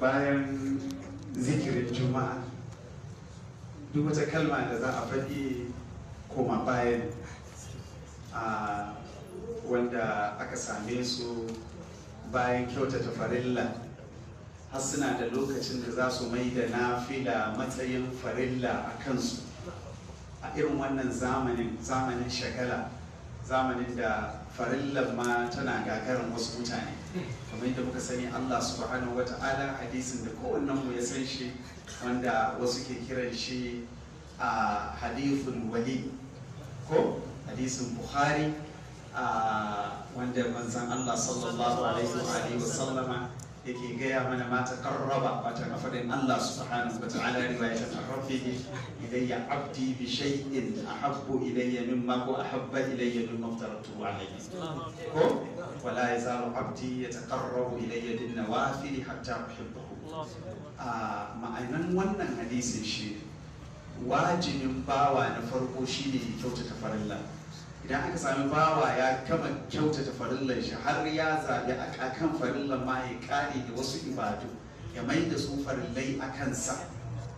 bayan zikirin juma'a duk wata kalma da za a faɗi koma bayan a wanda aka same su bayan kyautata farilla har suna da lokacin da za su mai da fila matsayin farilla a kansu a irin wannan zamanin zamanin shagala zamanin da farillar ma tana gagarin wasu mutane kamar yadda muka sani Allah subhanahu wa ta'ala hadisin da kowannen mu ya san shi wanda wasu ke kiran shi a hadifin wali ko hadisin a wanda manzan Allah sallallahu alaihi wa sallama yake gaya mana mata taqarraba wata nafadin Allah subhanahu wa ta'ala riwayatan idan ilayya abdi bi shay'in ahabbu ilayya mimma ko ahabba ilayya mimma aftaratu alayhi ko wala yazalu abdi yataqarrabu ilayya bin nawafil hatta uhibbahu a ah, ma'anan wannan hadisin shi wajibin bawa na farko shine kyautata farilla idan aka sami bawa ya kama kyautata farillar shi har ya zaɓi a kan farillar ma ya da wasu ibadu ya mai da su farillai a kansa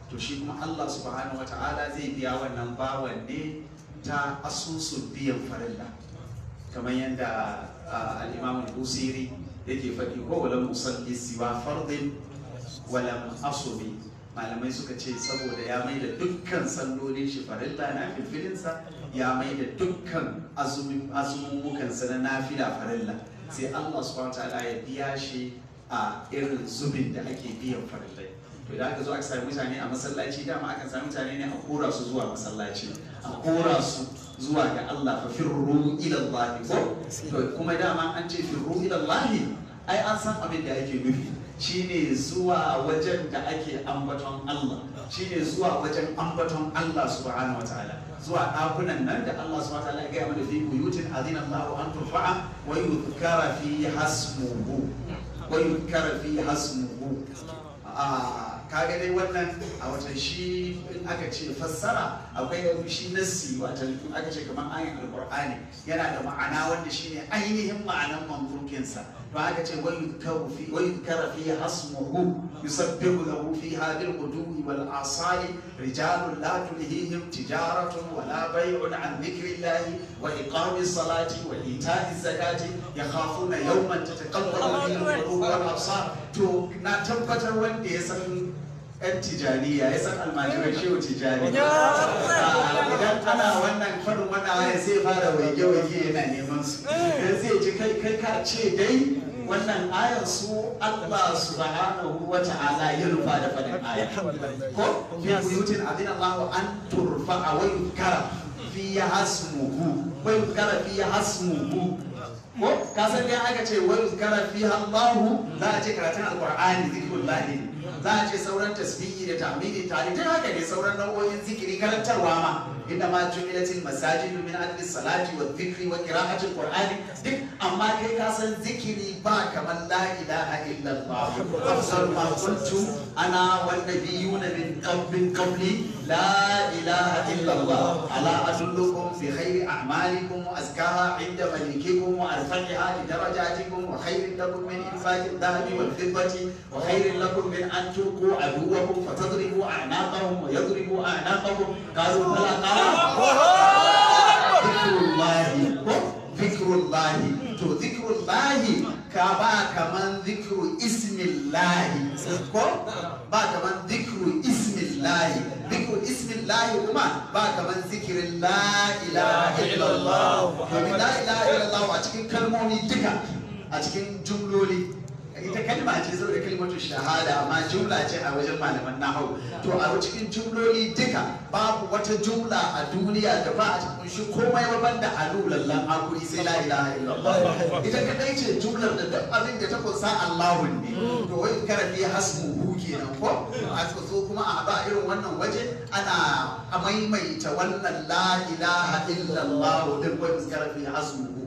to shi kuma Allah subhanahu wata'ala zai biya wannan bawan ne ta asusun biyan farilla kamar yadda al-imam Kusiri yake faɗi ko walam musalli siwa fardin walam asubi malamai suka ce saboda ya mai da dukkan sallolin shi farilla na filfilinsa ya mai da dukkan azumumukansa na nafila farilla sai Allah subhanahu ta'ala ya biya shi a irin zubin da ake biyan farilla to da aka zo aka sami mutane a masallaci dama aka sami mutane ne a kora su zuwa masallaci a kora su zuwa ga Allah fa firru ila Allah ko kuma dama an ce firru ila Allah ai an san abin da ake nufi shine zuwa wajen da ake ambaton Allah shine zuwa wajen ambaton Allah subhanahu wataala zuwa ɗakunan nan da Allah subhanahu wataala ya gaya mana fi buyutin azina Allahu an turfa'a wa yuzkara fi hasmuhu wa yuzkara fi hasmuhu kaga dai wannan a watan shi in aka ce fassara akwai yau shi nassi watan in aka ce kamar ayin alqur'ani yana da ma'ana wanda shine ainihin ma'anan mamlukinsa to aka ce wa yuzkaru fi wa yuzkara fi hasmuhu yusabbihu lahu fiha bil qudwi wal asali rijalun la tulhihim tijaratun wa la bay'un an dhikrillahi wa iqamis salati wa ita'iz zakati yakhafuna yawman tataqallabu al qulubu wal absar to na tabbatar wanda ya san yan tijaniya ya san almajirai shehu tijani idan ana wannan karin mana ya zai fara waige-waige yana neman su eh. Idan zai ji kai kai ka ce dai wannan ayan su Allah hannu, wa ta'ala ya rufa da fadin aya ko fi buyutin abin Allahu an turfa wa kara fi hasmuhu wa kara fi hasmuhu ko ka san dai aka ce wa kara fi Allahu za a ce karatun alqur'ani zikrullahi za a ce sauran tasbihi da tamidi tare ta haka ne sauran nau'o'in zikiri karantarwa ma إنما جعلت المساجد من أجل الصلاة والذكر وقراءة القرآن دك أما كي كاسن ذكري باك من لا إله إلا الله أفضل ما قلت أنا والنبيون من قبل قبلي لا إله إلا الله ألا أدلكم في خير أعمالكم وأزكاها عند ملككم وأرفعها لدرجاتكم وخير لكم من إنفاق الذهب والفضة وخير لكم من أن تلقوا عدوكم فتضربوا أعناقهم ويضربوا أعناقهم قالوا بلى zikrullahi ko zikrullahi to zikrullahi ka ba kaman zikru ismillahi ko ba kaman zikru ismillahi zikru ismillahi kuma ba kaman zikirin la ilaha illallah domin a cikin kalmomi duka a cikin jumloli ita kalma ce saboda kalmatu shahada amma jumla ce a wajen malaman nahau to a cikin jumloli duka babu wata jumla a duniya da ba a cikin shi komai ba banda alu lallan hakuri sai la ilaha illallah ita kadai ce jumlar da duk abin da ta kunsa Allahu ne to wai hasbu hasbuhu kenan ko a so kuma a ba irin wannan waje ana a maimaita wannan la ilaha illallah din wai karafi hasbu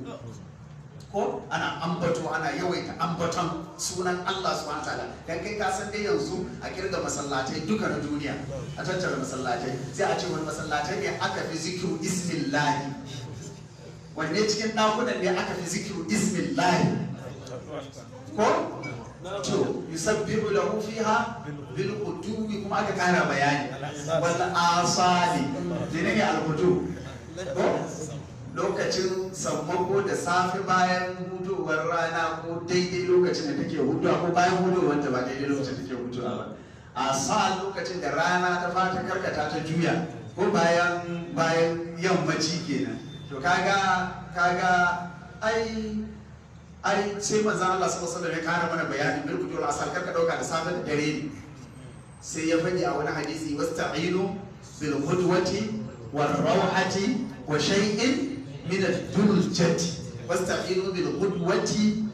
ko ana ambato ana yawaita ambaton sunan Allah subhanahu ta'ala dan kai ka san dai yanzu a kirga masallatai duka na duniya a tattara masallatai sai a ce wani masallatai ne aka fi zikiru ismillahi wanne cikin dakunan ne aka fi zikiru ismillahi ko to yusabbihu lahu fiha bil quduwi kuma aka kara bayani wal asali ne ne al qudu lokacin sammako da safe bayan hudowar rana ko daidai lokacin da take hutuwa ko bayan hudowar ta ba daidai lokacin da take hutuwa ba a sa lokacin da rana ta fata karkata ta juya ko bayan bayan yammaci kenan to kaga kaga ai ai sai manzo Allah sallallahu alaihi wasallam ya kara mana bayani bil kutul asar karka dauka da safe da dare ne sai ya faɗi a wani hadisi wasta'inu bil qudwati war rawhati wa shay'in min al-durjati wasta'inu bil qudwati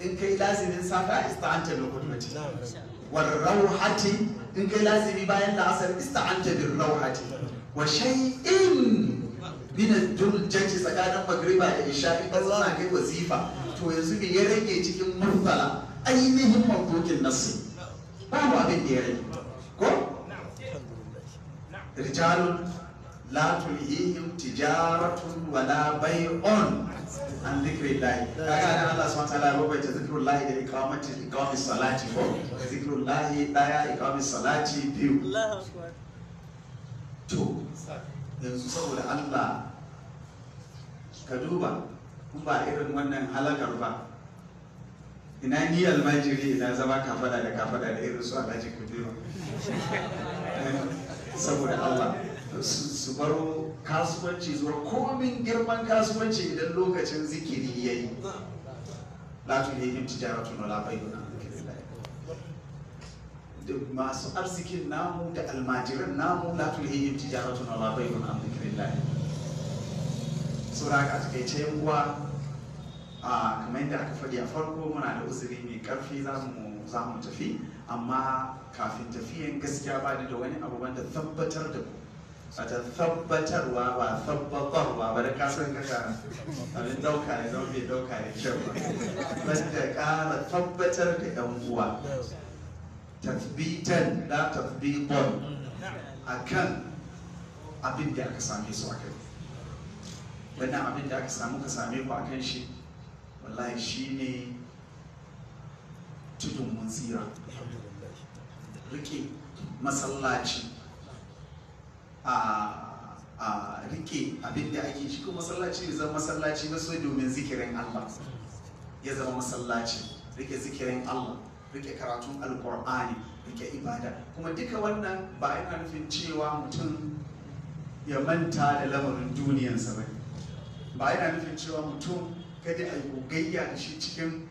in kai lazimin safa ista'anta bil qudwati wal rawhati in kai lazimi bayan la'asar ista'anta bil rawhati wa shay'in min al-durjati tsakanin magriba da isha in kana kai wazifa to yanzu me ya rage cikin murtala ainihin mawdukin nassi babu abin da ya ko la tulhihim tijaratun wala bai'un an zikrillahi kaga da Allah subhanahu wataala ya rubuta zikrullahi da iqamati iqamis salati ko zikrullahi daya iqamis salati biyu to yanzu saboda Allah ka duba kun ba irin wannan halakar ba ina ni almajiri ina zama kafada da kafada da irin su a alhaji kudiru saboda Allah su baro kasuwanci zuwa komin girman kasuwanci idan lokacin zikiri ya yi la tu ne yin tijara tun wala yana duk masu arzikin namu da almajiran namu la tu ne yin tijara tun wala bai kun amdikirillah saboda haka kai ce uwa a kamar yadda aka faɗi a farko muna da uzuri mai ƙarfi za mu tafi amma kafin tafiyan gaskiya ba da wani abu wanda tabbatar da ku wata tabbatarwa ba tabbatarwa ba da kasan kasa abin dauka ne don bai dauka ne ce ba da kara tabbatar da yan uwa tasbitan da tasbibon a kan abin da aka same su a kai wannan abin da aka samu ka same ku a kan shi wallahi shi ne tudun mun tsira rike masallaci a rike abin da ake cikin masallaci ya zama masallaci na so domin zikirin Allah ya zama masallaci rike zikirin Allah rike karatun alkur'ani rike ibada kuma duka wannan ba yana nufin cewa mutum ya manta da lamarin duniyansa ba ba yana nufin cewa mutum kada a gogayya da shi cikin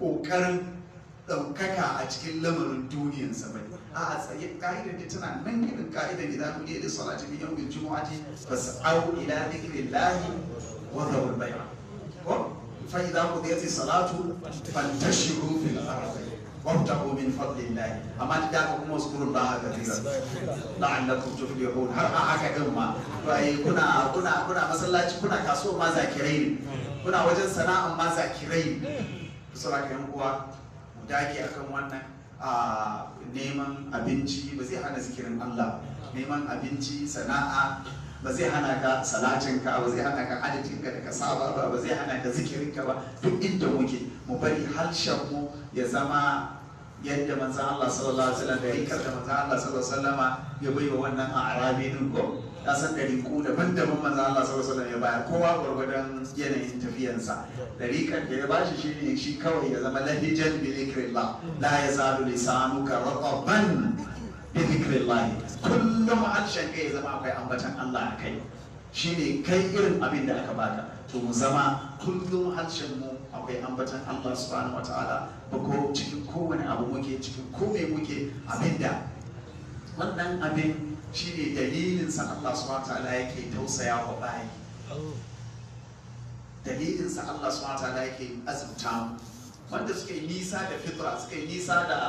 ƙoƙarin Daukaka a cikin lamarin duniyarsa ba a tsaye ka'idar da tana nan irin ka'idar idan mun yi salati min yawmin jumu'ati fas'au ila dhikrillahi wa dhawul bai'a ko fa idza qudiyati salatu fantashiru fil ardi وابتغوا من فضل الله اما تدعكم واذكروا الله كثيرا لعلكم تفلحون har a haka din ma ai kuna kuna kuna masallaci kuna kasuwa ma zakirai ne kuna wajen sana'a ma zakirai ne saboda kan uwa mu dage akan wannan a neman abinci ba zai hana zikirin Allah neman abinci sana'a ba zai hana ka salatin ka ba zai hana ka adadin ka da ka saba ba ba zai hana ka zikirin ka ba duk inda muke mu bari harshen mu ya zama yadda manzon Allah sallallahu alaihi wasallam da rikar da manzon Allah sallallahu alaihi wasallama ya baiwa wannan arabi din ko ka san ku daban-daban manzan Allah sallallahu alaihi ya bayar kowa gwargwadon yanayin tafiyansa kan da ya bashi shi ne shi kawai ya zama lahijan bi dhikrillah la yazalu lisanuka rataban bi dhikrillah kullum harshen kai ya zama akwai ambatan Allah a kai shi ne kai irin abin da aka baka to mu zama kullum harshen mu akwai ambatan Allah subhanahu wataala ba ko cikin kowane abu muke cikin kome muke abinda wannan abin shi ne dalilinsa Allah subhanahu wa ta'ala yake tausaya wa bayi dalilinsa Allah subhanahu wa ta'ala yake azumta mu wanda suka yi nisa da fitra suka yi nisa da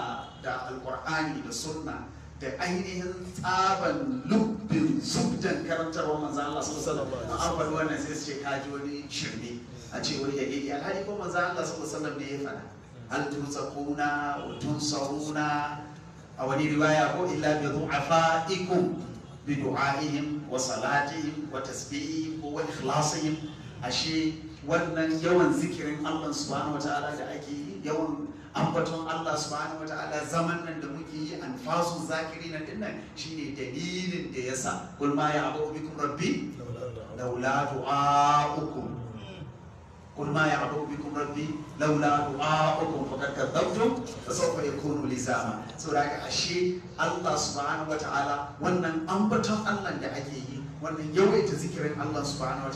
da alqur'ani da sunna da ainihin tsaban lubbin zubdan karantarwar manzo Allah sallallahu alaihi wasallam a wannan sai su ce kaji wani shirme a ce wani dalili alhari ko manzo Allah sallallahu alaihi wasallam ne ya faɗa al tunsakuna wa tunsaruna a wani riwaya ko illa bi du'afaikum bi du'aihim wa salatihim wa tasbihihim ko wa ikhlasihim ashe wannan yawan zikirin Allah subhanahu wataala da ake yi yawan ambaton Allah subhanahu wataala zaman nan da muke yi an fasu zakiri na dinnan shine dalilin da yasa kul ma ya abu bikum rabbi laula du'aukum قل ما يعبأ بكم ربي لولا دعاؤكم فقد كذبتم فسوف يكون لزاما saboda ashe Allah subhanahu wannan ambaton Allah da ake yi wannan yawaita zikirin Allah subhanahu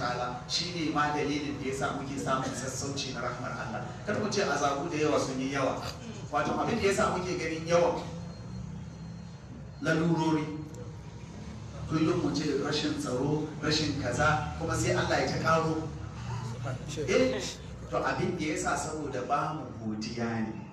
shine ma dalilin da yasa muke samun sassauci na rahmar Allah kar mu ce azabu da yawa sun yi yawa wato abin da yasa muke ganin yawa lalurori kullum mu ce rashin tsaro rashin kaza kuma sai Allah ya ta karo Eh, to abin da yasa saboda ba mu godiya ne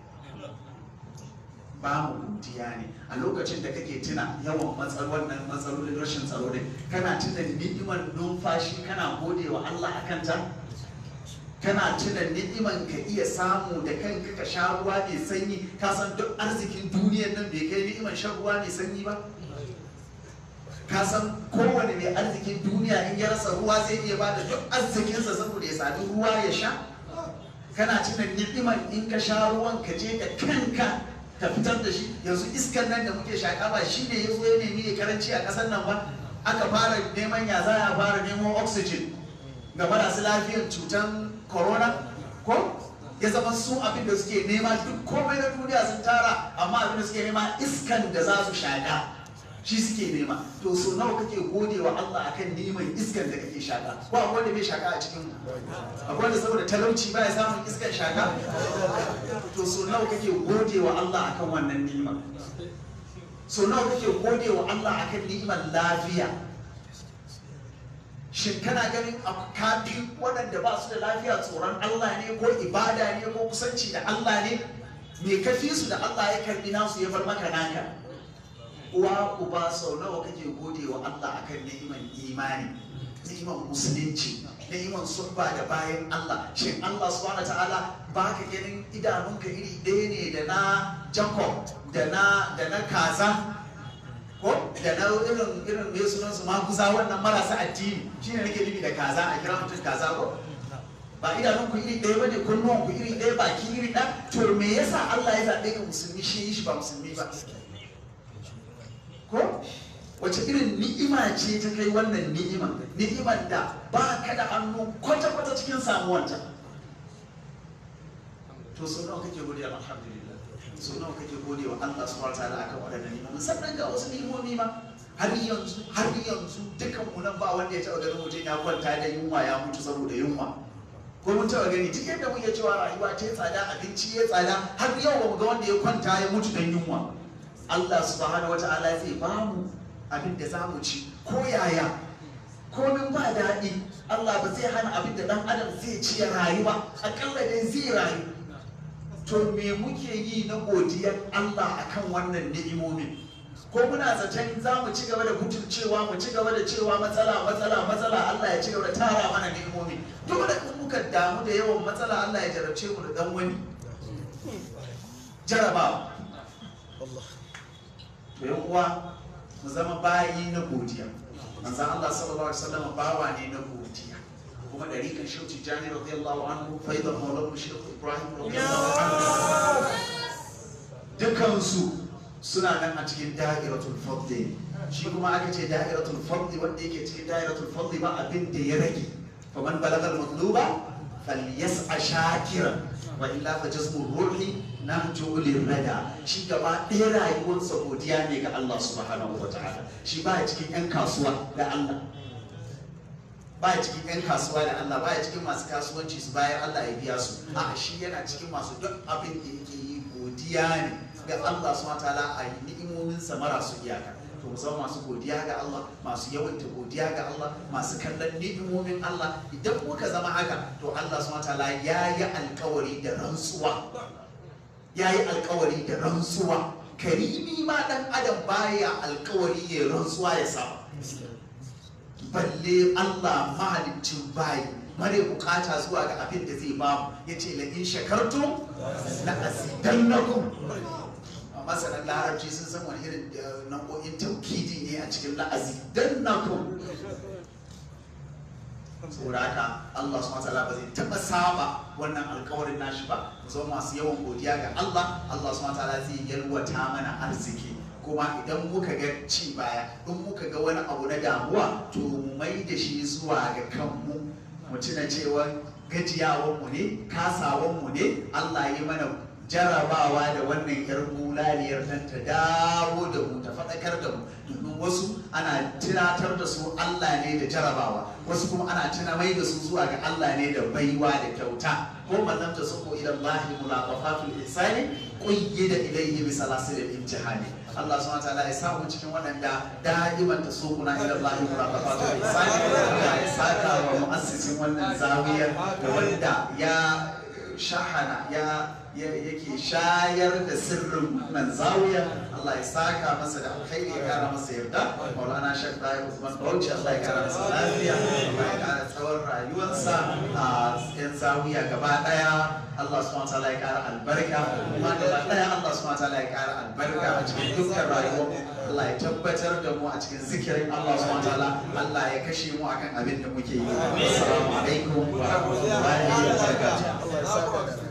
ba mu godiya ne a lokacin da kake tuna yawan wannan matsalolin rashin tsaro ne kana tuna ni'imar numfashi kana gode wa Allah akan ta kana tuna ni'iman ka iya samu da kanka ka sha ruwa mai sanyi ka san duk arzikin duniyar nan bai kai ni'iman shan ruwa mai sanyi ba ka san kowane mai arzikin duniya in ya rasa ruwa zai iya bada duk arzikinsa saboda ya sami ruwa ya sha kana da ni'imar in ka sha ruwan ka je da kanka ka fitar da shi yanzu iskan nan da muke shaƙa ba shi ne ya zo ya nemi ya karanci a ƙasar nan ba aka fara neman ya za a fara neman oxygen ga marasu lafiyar cutar corona ko ya zama su abin da suke nema duk komai na duniya sun tara amma abin da suke nema iskan da za su shaƙa shi suke nema to so nawa kake gode wa Allah akan niman iskan da kake shaka ko akwai wanda bai shaka a cikin akwai wanda saboda talauci baya samun iskan shaka to so nawa kake gode wa Allah akan wannan niman so nawa kake gode wa Allah akan niman lafiya shin kana ganin kafi waɗanda ba su da lafiya tsoron Allah ne ko ibada ne ko kusanci da Allah ne me kafi su da Allah ya karbi nasu ya bar maka naka uwa uba sau nawa kake gode wa Allah akan neman imani neman musulunci ni'iman sulba da bayan Allah shin Allah subhanahu ta'ala baka ganin idanunka iri ɗaya ne da na Jacob da na da na kaza ko da na irin irin me sunan su ma kusa wannan marasa addini shine nake nufi da kaza a kira mutum kaza ko ba idanunku iri ɗaya ba ne kunnuwanku iri ɗaya baki iri ɗaya to me yasa Allah ya zaɓe ka musulmi shi shi ba musulmi ba ko wace irin ni'ima ce ta kai wannan ni'ima ni'imar da ba ka da hannu kwata-kwata cikin ta? to sau nawa kake gode alhamdulillah sau nawa kake gode wa Allah subhanahu wa ta'ala akan waɗannan ni'ima musamman ga wasu ni'imomi ma har yanzu har yanzu dukan mu nan ba wanda ya taɓa ganin mutum ya kwanta da yunwa ya mutu saboda yunwa ko mun taɓa gani duk yadda muke cewa rayuwa ta yi tsada abinci ya tsada har yau ba mu ga wanda ya kwanta ya mutu dan yunwa Allah subhanahu ala zai ba mu abin da za mu ci ko yaya komin ba daɗi Allah ba zai hana abin da ɗan adam zai ci ya rayu ba akalla dai zai rayu to me muke yi na godiyar Allah akan wannan ni'imomin ko muna zaton za mu ci gaba da mutuncewa mu ci gaba da cewa matsala matsala matsala Allah ya ci gaba da tara mana ni'imomin duk da in muka damu da yawan matsala Allah ya jarabce mu da dan wani jarabawa Allah to yan uwa mu zama bayi na godiya manzon Allah sallallahu alaihi wasallam bawa ne na godiya kuma dariƙan shehu tijjani radiyallahu anhu faidan maulana shehu ibrahim radiyallahu anhu dukansu suna nan a cikin da'iratul fadli shi kuma aka ce da'iratul fadli wanda yake cikin da'iratul fadli ba abin da ya rage faman balagal matluba falyas'a shakira wa illa fa jazmu ruhi na ulin rada shi gaba ɗaya rayuwarsa godiya ne ga Allah subhanahu wa ta'ala shi ba cikin 'yan kasuwa da Allah ba cikin 'yan kasuwa da Allah ba cikin masu kasuwanci su bayan Allah ya biya su a shi yana cikin masu duk abin da yake yi godiya ne ga Allah subhanahu wa ta'ala a ni'imominsa marasu iyaka to mu zama masu godiya ga Allah masu yawanta godiya ga Allah masu kallon ni'imomin Allah idan muka zama haka to Allah subhanahu wa ta'ala ya yi alkawari da rantsuwa ya yi alkawari da rantsuwa karimi ma dan adam baya alkawari ya rantsuwa ya samu balle Allah mahalicin bayi mare bukata zuwa ga abin da zai bamu ya ce la in na la azidannakum masanan larabci sun san wani irin eh, nau'o'in taukidi ne a cikin la'azi don na saboda Allah su matsala ba zai taba saba wannan alkawarin nashi ba mu zama masu yawan godiya ga Allah Allah su matsala zai yalwata mana arziki kuma idan muka ga ci baya in muka ga wani abu na damuwa to mu mai da shi zuwa ga kanmu mu tuna cewa gajiyawanmu ne kasawanmu ne Allah ya mana jarabawa da wannan yar bulaliyar nan ta dawo da mu ta faɗakar da mu domin wasu ana tunatar da su Allah ne da jarabawa wasu kuma ana tuna mai da su zuwa ga Allah ne da baiwa da kyauta ko mallam ta sako ila Allah mulaqafatul ihsani qayyida ilayhi bi salasil imtihani Allah subhanahu wa ta'ala ya sa mu cikin waɗanda da'iman ta so kuna ila Allah mulaqafatul ihsani ya saka wa mu'assisin wannan zawiyar da wanda ya shahana ya yake shayar da sirrin man zawiya Allah ya saka masa da alkhairi ya kara masa yarda Maulana Sheikh Tahir Usman Bauchi Allah ya kara masa lafiya Allah ya kara tsawon rayuwarsa a yan zawiya gaba daya Allah subhanahu wataala ya kara albarka kuma gaba daya Allah subhanahu wataala ya kara albarka a cikin dukkan rayuwar Allah ya tabbatar da mu a cikin zikirin Allah subhanahu wataala Allah ya kashe mu akan abin da muke yi assalamu alaikum wa rahmatullahi wa barakatuh Saturday.